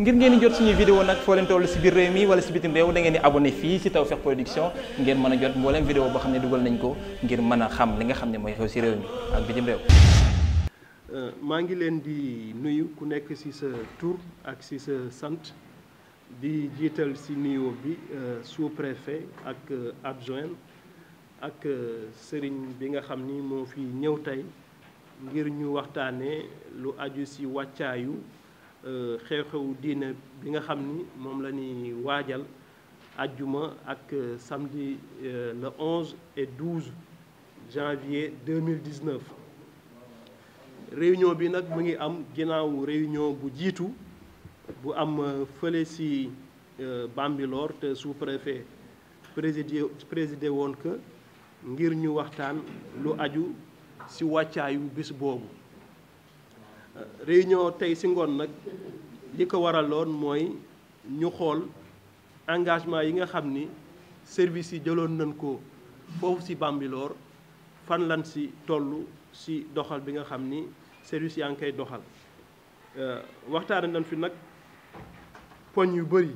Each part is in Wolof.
ngir ngeen di jot suñuy vidéo nag foo leen toll si biir réew mi wala si bitim réew da ngeen di abonné fii si Tawfekh Production ngeen mën a jot mbooleem vidéo boo xam ne dugal nañ ko ngir mën a xam li nga xam ne mooy xew si réew mi ak bitim euh, ngi leen di nuyu ku nekk si sa tur ak si sant di jiital si nuyoo bi euh, sous-préfet ak euh, adjoint ak sëriñ bi nga xam ni moo fi ñëw tey ngir ñu waxtaanee lu aju si wàccaayu Euh, xew-xewu diine bi nga xam ni moom la ñuy waajal ajjuma ak euh, samedi euh, le 11 et 12 janvier 2019 réunion bi nag mu ngi am ginnaaw réunion bu jiitu bu am fële si Bambilor te sous-préfet présidé présidé woon que ngir ñu waxtaan lu aju si wàccaayu bis boobu réunion tey si ngoon nag li ko waraloon mooy ñu xool engagement yi nga xam ni service yi jëloon nañ ko foofu si Bambilor fan lan si tollu si doxal bi nga xam ni service yaa ngi koy doxal euh, waxtaane nañ fi nag poñ yu bëri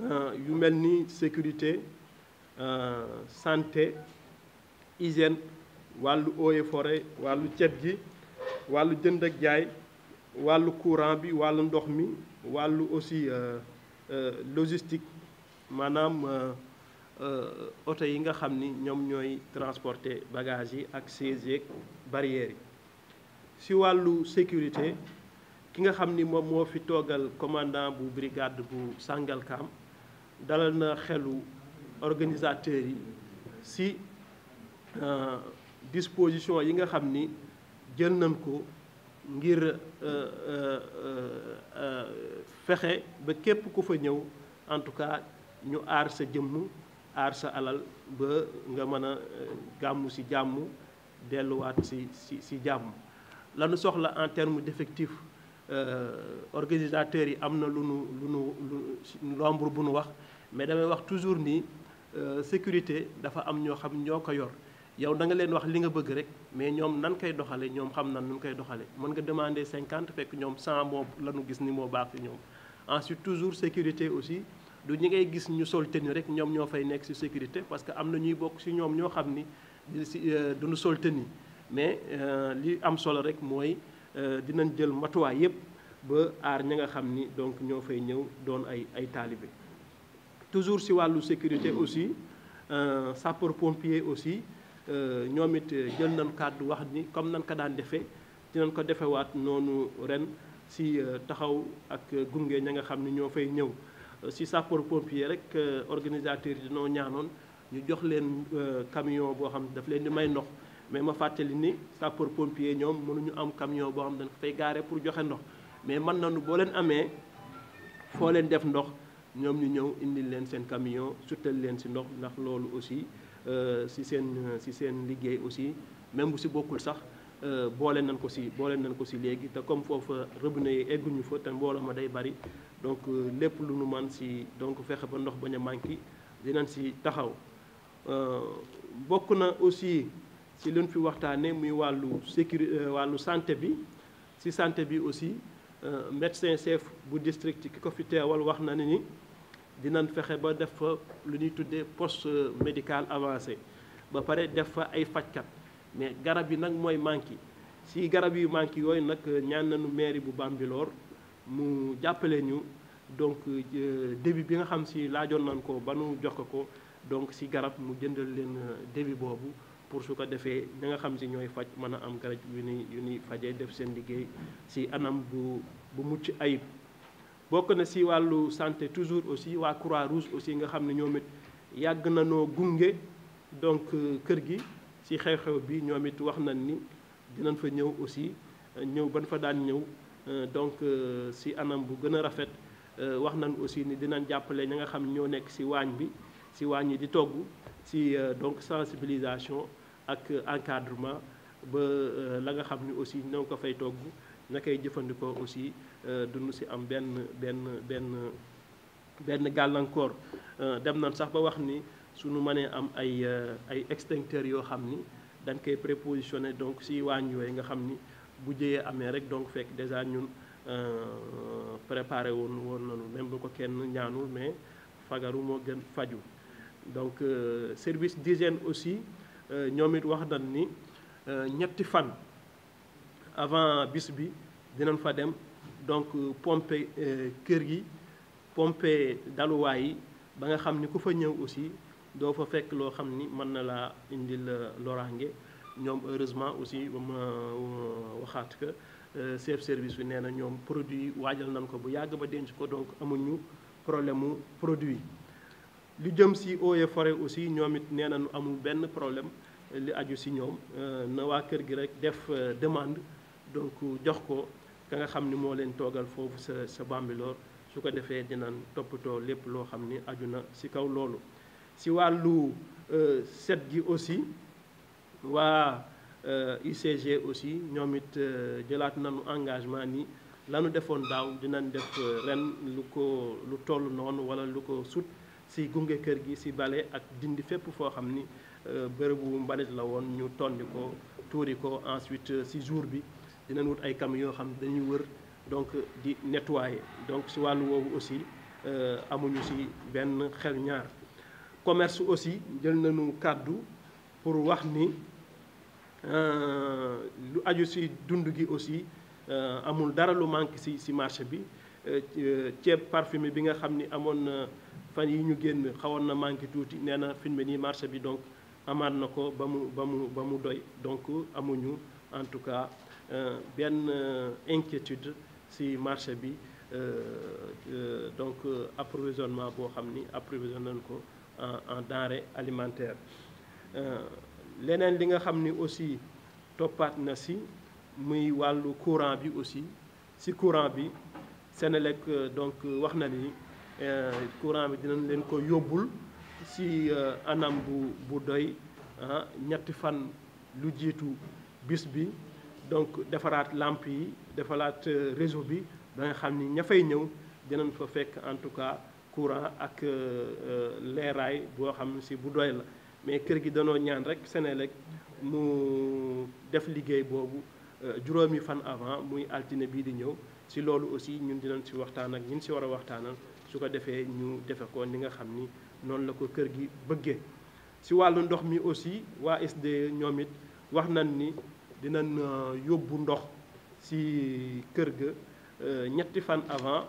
euh, yu mel ni sécurité euh, santé hygiène wàllu eaux forêt wàllu cet gi wàllu jënd ak jaay wàllu courant bi wàllu ndox mi wàllu aussi euh, euh, logistique maanaam euh, oto yi nga xam ni ñoom ñooy transporter bagages yi ak sièges yeeg barrières yi si wàllu sécurité ki nga xam ni moom moo fi toogal commandant bu brigade bu Sangalkam dalal na xelu organisateur yi si disposition yi nga xam ni jël nañ ko ngir euh, euh, euh, fexe ba képp ku fa ñëw en tout cas ñu aar sa jëmm aar sa alal ba nga mën a gàmmu ci jàmm delluwaat ci ci ci jàmm lanu soxla en terme d'effectif organisateurs yi am na lu nu lu nu nombre bu nu wax mais damay wax toujours ni sécurité dafa am ñoo xam ñoo ko yor yow da nga leen wax li nga bëgg rek mais ñoom nan koy doxale ñoom xam nan nu koy doxale mën nga demander cinquante fekk ñoom cent moom la ñu gis ni moo baax ci ñoom ensuite toujours sécurité aussi du ñi ngay gis ñu sol tenue rek ñoom ñoo fay nekk ci sécurité parce que am na ñuy bokk ci ñoom ñoo xam ni euh, duñu sol tenue mais euh, li am solo rek mooy euh, dinañ jël matuwaay yépp ba aar ña nga xam ni donc ñoo fay ñëw doon ay ay taalibe toujours ci wàllu sécurité aussi sapeur pompier aussi Euh, ñoom it euh, jël nañ kàddu wax ni comme nañ ko daan defee dinañ ko defewaat noonu ren si euh, taxaw ak gunge ña nga xam ni ñoo fay ñëw si sapeur pompier rek organisateurs yi dañoo ñaanoon ñu jox leen camion boo xam daf leen di may ndox mais ma fàttali ni sapeur pompier ñoom mënuñu am camion boo xam dañ ko fay gaare pour joxe ndox mais mën nanu boo leen amee foo leen def ndox ñoom ñu ñëw indil leen seen camion suttal leen si ndox ndax loolu aussi Euh, si seen euh, si seen liggéey aussi même bu si bokkul sax euh, boole nan ko si boole nañ ko si léegi te comme foofa robinet yi egguñu fa te mbooloo ma day bari donc lépp lu nu man si donc fexe ba ndox bañ a manqué dinañ si taxaw bokk na aussi si luñ fi waxtaanee muy wàllu sécurité wàllu santé bi si santé bi aussi médecin chef bu district ki ko fi teewal wax na ni ni dinañ fexe ba def fa lu ñuy tuddee poste médical avancé ba pare def fa ay fajkat mais garab yi nag mooy manqué si garab yu manqué yooyu nag euh, ñaan nañu mairie bu Bambilor mu jàppale ñu donc euh, débit bi nga xam si laajoon nañ ko ba nu jox ko donc si garab mu jëndal leen euh, débit boobu pour su ko defee ñi nga xam si ñooy faj mën a am garab yu ni yu ni fajee def seen liggéey si anam bu bu mucc ayib. bokk na si wàllu santé toujours aussi waa Croix-Rouge aussi nga xam ne ñoom it yàgg na noo gunge donc euh, kër gi si xew-xew bi ñoom it wax nañ ni dinañ fa ñëw aussi euh, ñëw ban fa daan ñëw euh, donc si anam bu gën a rafet wax nañ aussi ni dinañ jàppale ñi nga xam ñoo nekk si waañ bi si waañ yi di togg si donc sensibilisation ak encadrement ba la nga xam ni aussi ñoo ko fay togg ña koy jëfandikoo aussi euh, duñu si am benn benn benn benn gàllankoor euh, dem nañ sax ba wax ni su suñu mënee am ay euh, ay extincteurs yoo xam ni dañ koy prépositionné donc si waañ yooyu nga xam ni bu jëyee amee rek donc fekk déjà ñun préparé woon woon nañu même bu ko kenn ñaanu mais fagaru moo gën faju donc service d'hygiène aussi ñoom it wax nañ ni ñetti fan avant bis bi dinañ fa dem donc euh, pomper euh, kër gi pompe daluwaay yi ba nga xam ni ku fa ñëw aussi doo fa fekk loo xam ni mën na laa indil euh, loraange ñoom heureusement aussi ma waxaat que chef service bi nee na ñoom produit waajal nañ ko bu yàgg ba denc ko donc ñu problème mu produit. lu jëm si eaux et aussi ñoom it nee nañu amul benn problème li aju si ñoom na waa kër gi rek def demande. donc jox ko ka nga xam ni moo leen toogal foofu sa sa su ko defee dinañ toppatoo lépp loo xam ni aju na si kaw loolu si wàllu euh, set gi aussi waa UCG euh, aussi ñoom it euh, jëlaat nañu engagement ni lanu defoon daaw dinañ def ren lu ko lu toll noonu wala lu ko sut si gunge kër gi si bale ak dindi fépp foo xam ni bërëbu mbalit la woon ñu tondi ko tuuri ko ensuite si jour bi dinañ wut ay camions yoo xam ne dañuy wër donc di nettoyer donc si wàllu woowu aussi euh, amuñu si benn xel ñaar commerce aussi jël nañu kàddu pour wax ni euh, lu aju si dund gi aussi euh, amul dara lu manque si si marché bi ceeb parfumé bi nga xam ni amoon na fan yi ñu génn xawoon na manque tuuti nee na fi mu nii marché bi donc amaat na ko ba mu ba mu ba mu doy donc amuñu en tout cas Euh, benn euh, inquiétude ci marché bi euh, donc approvisionnement boo xam ni approvisionné nañ ko en denrée alimentaire leneen li nga xam ni aussi toppaat na ci muy wàllu courant bi aussi ci courant bi Senelec donc wax na ni courant bi dinañ leen ko yóbbul ci anam bu bu doy ah, ñetti fan lu jiitu bis bi donc defaraat làmp yi defaraat euh, réseau bi ba nga xam ni ña fay ñëw dinañ fa fekk en tout cas courant ak euh, euh, leeraay boo xam ne si bu doy la mais kër gi danoo ñaan rek Senelec mu def liggéey boobu juróomi fan avant muy altine bii di ñëw si loolu aussi ñun dinañ si waxtaan ak ñun si war a waxtaanal su ko defee ñu defe ko ni nga xam ni noonu la ko kër gi bëggee si wàllu ndox mi aussi waa SDE ñoom it wax nañ ni dinañ euh, yóbbu ndox ci kër ga euh, ñetti fan avant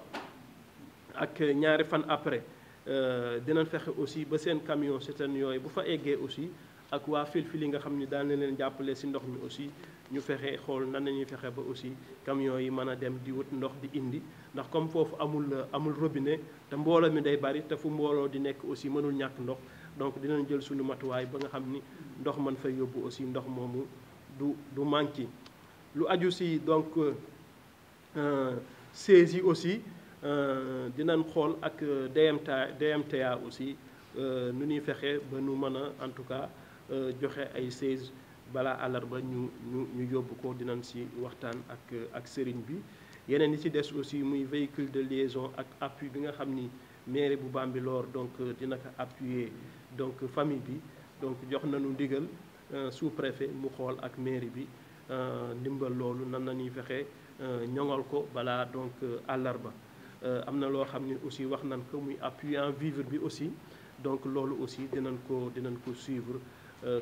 ak ñaari fan après euh, dinañ fexe aussi ba seen camion citerne yooyu bu fa eggee aussi ak waa filfil yi nga xam ni daan na leen jàppale si ndox mi aussi ñu fexe xool nan nañuy fexe ba aussi camion yi mën a dem di wut ndox di indi ndax comme foofu amul amul robine te mbooloo mi day bari te fu mbooloo di nekk aussi mënul ñàkk ndox donc dinañ jël suñu matuwaay ba nga xam ni ndox mën fay yóbbu aussi ndox moomu du du manqué lu aju si donc euh, euh, saise yi aussi euh, dinañ xool ak DMTA DMTA aussi nu ñuy fexe ba nu mën a en tout cas joxe ay saisi balaa àllarba ñu ñu ñu yóbbu ko dinañ si waxtaan ak ak sëriñ bi yeneen yi ci des aussi muy véhicule de liaison ak appui bi nga xam ni mairie bu Bambilor donc dina ko appuyer donc famille bi donc jox nañu ndigal Euh, sous préfet mu xool ak mairie bi euh, ndimbal loolu nan la ñuy fexe euh, ñoŋal ko balaa donc àllarba am na loo xam ne aussi wax nan ko muy appui en vivre bi aussi donc loolu aussi dinañ ko dinañ ko suivre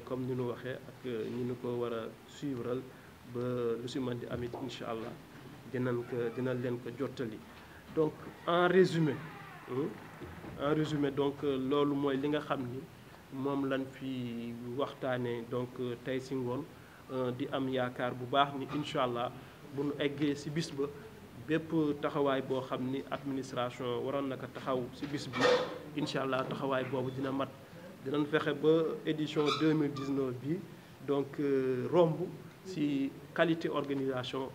comme ni ñu waxee ak ñu nu ko war a suivral ba lu si mën di amit incha allah dinañ ko dinañ leen ko jottali donc en résumé hmm, en résumé donc loolu mooy li nga xam ni moom lañ fi waxtaanee donc euh, tey si ngoon euh, di am yaakaar bu baax ni incha allah bu nu eggee si bis ba bépp taxawaay boo xam ni administration waroon na ko taxaw si bis bi incha allah taxawaay boobu dina mat dinañ fexe ba édition 2019 bi donc euh, romb si qualité organisation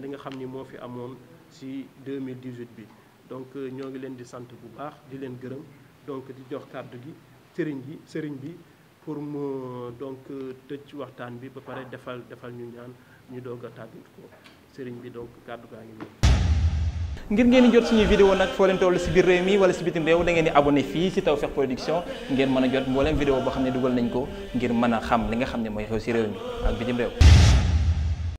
li nga xam ni moo fi amoon si 2018 bi donc ñoo ngi leen di sant bu baax di leen gërëm donc di jox kàddu gi. sëriñ bi sëriñ bi pour mu donc tëj waxtaan bi ba pare defal defal ñu ñaan ñu doog a tàggat ko sëriñ bi donc kàddu gaa ngi nii. ngir ngeen di jot suñu vidéo nag foo leen toll si biir réew mi wala si bitim réew da ngeen di abonné fii si taw Tawfekh Production ngeen mën a jot mbooleem vidéo boo xam ne dugal nañ ko ngir mën a xam li nga xam ne mooy xew si réew mi ak bitim réew.